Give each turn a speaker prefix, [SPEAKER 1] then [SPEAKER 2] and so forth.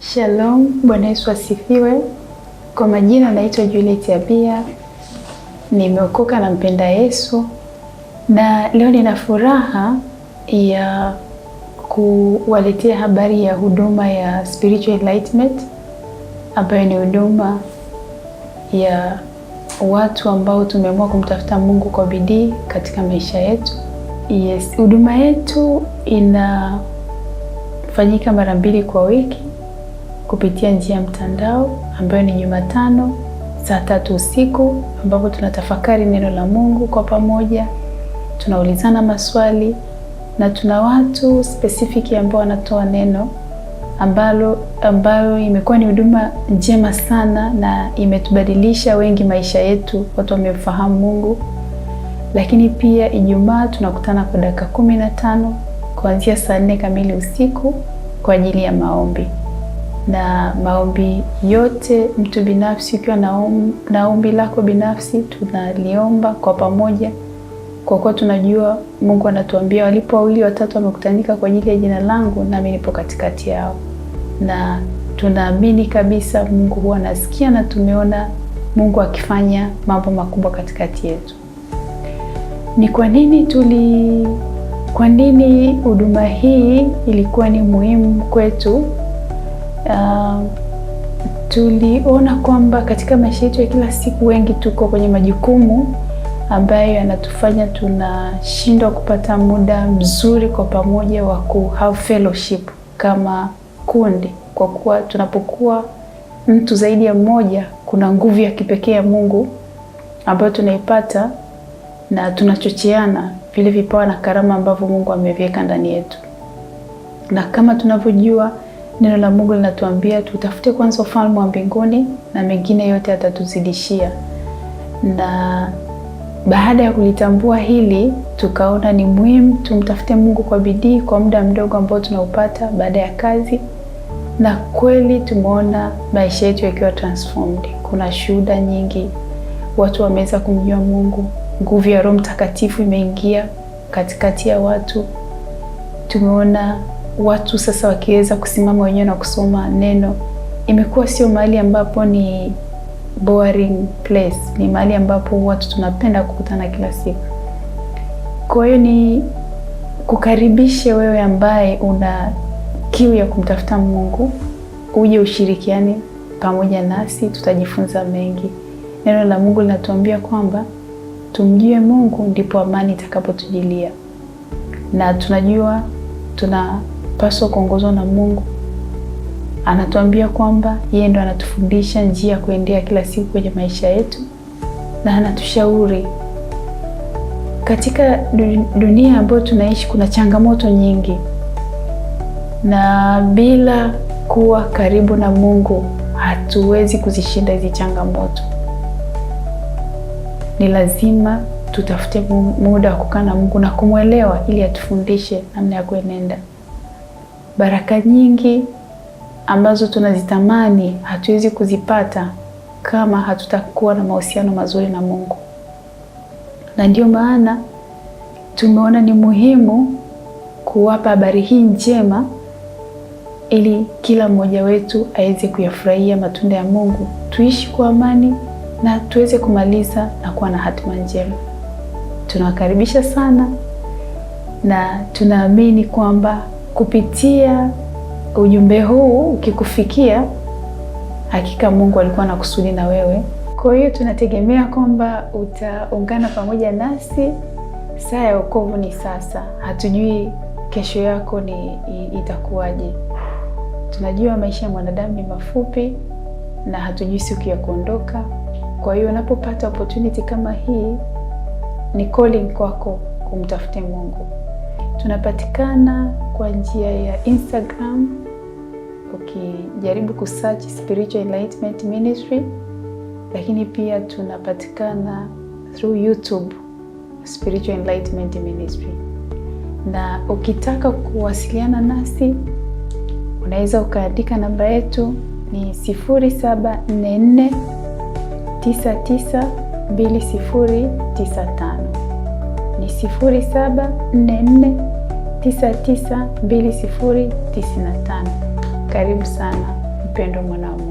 [SPEAKER 1] Shalom, Bwana Yesu asifiwe. Kwa majina naitwa Juliet Abia, nimeokoka na mpenda Yesu, na leo nina furaha ya kuwaletea habari ya huduma ya Spiritual Enlightenment ambayo ni huduma ya watu ambao tumeamua kumtafuta Mungu kwa bidii katika maisha yetu. Yes, huduma yetu inafanyika mara mbili kwa wiki kupitia njia ya mtandao ambayo ni Jumatano saa tatu usiku ambapo tunatafakari neno la Mungu kwa pamoja, tunaulizana maswali na tuna watu specific ambao wanatoa neno ambalo ambayo imekuwa ni huduma njema sana na imetubadilisha wengi maisha yetu, watu wamemfahamu Mungu. Lakini pia Ijumaa tunakutana kwa dakika kumi na tano kuanzia saa nne kamili usiku kwa ajili ya maombi na maombi yote mtu binafsi. Ukiwa na ombi lako binafsi, tunaliomba kwa pamoja, kwa kuwa tunajua Mungu anatuambia, walipo wawili watatu wamekutanika kwa ajili ya jina langu, nami nipo katikati yao, na tunaamini kabisa Mungu huwa anasikia, na tumeona Mungu akifanya mambo makubwa katikati yetu. Ni kwa nini tuli, kwa nini huduma hii ilikuwa ni muhimu kwetu? Um, tuliona kwamba katika maisha yetu ya kila siku wengi tuko kwenye majukumu ambayo yanatufanya tunashindwa kupata muda mzuri kwa pamoja wa ku have fellowship kama kundi, kwa kuwa tunapokuwa mtu zaidi ya mmoja, kuna nguvu ya kipekee ya Mungu ambayo tunaipata na tunachocheana vile vipawa na karama ambavyo Mungu ameviweka ndani yetu, na kama tunavyojua Neno la Mungu linatuambia tutafute kwanza ufalme wa mbinguni na mengine yote atatuzidishia. Na baada ya kulitambua hili, tukaona ni muhimu tumtafute Mungu kwa bidii kwa muda mdogo ambao tunaupata baada ya kazi, na kweli tumeona maisha yetu yakiwa transformed. Kuna shuhuda nyingi, watu wameweza kumjua Mungu, nguvu ya Roho Mtakatifu imeingia katikati ya watu, tumeona watu sasa wakiweza kusimama wenyewe na kusoma neno, imekuwa sio mahali ambapo ni boring place, ni mahali ambapo watu tunapenda kukutana kila siku. Kwa hiyo ni kukaribishe wewe ambaye una kiu ya kumtafuta Mungu, uje ushirikiane pamoja nasi, tutajifunza mengi. Neno la Mungu linatuambia kwamba tumjue Mungu ndipo amani itakapotujilia, na tunajua tuna tunapaswa kuongozwa na Mungu. Anatuambia kwamba yeye ndo anatufundisha njia ya kuendea kila siku kwenye maisha yetu, na anatushauri. Katika dunia ambayo tunaishi kuna changamoto nyingi, na bila kuwa karibu na Mungu hatuwezi kuzishinda hizi changamoto. Ni lazima tutafute muda wa kukaa na Mungu na kumwelewa ili atufundishe namna ya kuenenda baraka nyingi ambazo tunazitamani hatuwezi kuzipata kama hatutakuwa na mahusiano mazuri na Mungu, na ndio maana tumeona ni muhimu kuwapa habari hii njema ili kila mmoja wetu aweze kuyafurahia matunda ya Mungu, tuishi kwa amani na tuweze kumaliza na kuwa na hatima njema. Tunawakaribisha sana na tunaamini kwamba kupitia ujumbe huu ukikufikia, hakika Mungu alikuwa na kusudi na wewe. Kwa hiyo tunategemea kwamba utaungana pamoja nasi. Saa ya wokovu ni sasa, hatujui kesho yako ni itakuwaje. Tunajua maisha ya mwanadamu ni mafupi na hatujui siku ya kuondoka. Kwa hiyo unapopata opportunity kama hii, ni calling kwako kumtafute Mungu. Tunapatikana kwa njia ya Instagram ukijaribu kusearch Spiritual Enlightenment Ministry, lakini pia tunapatikana through YouTube Spiritual Enlightenment Ministry. Na ukitaka kuwasiliana nasi unaweza ukaandika namba yetu ni 0744 992095 ni 0744 992095. Karibu sana mpendo mwanangu.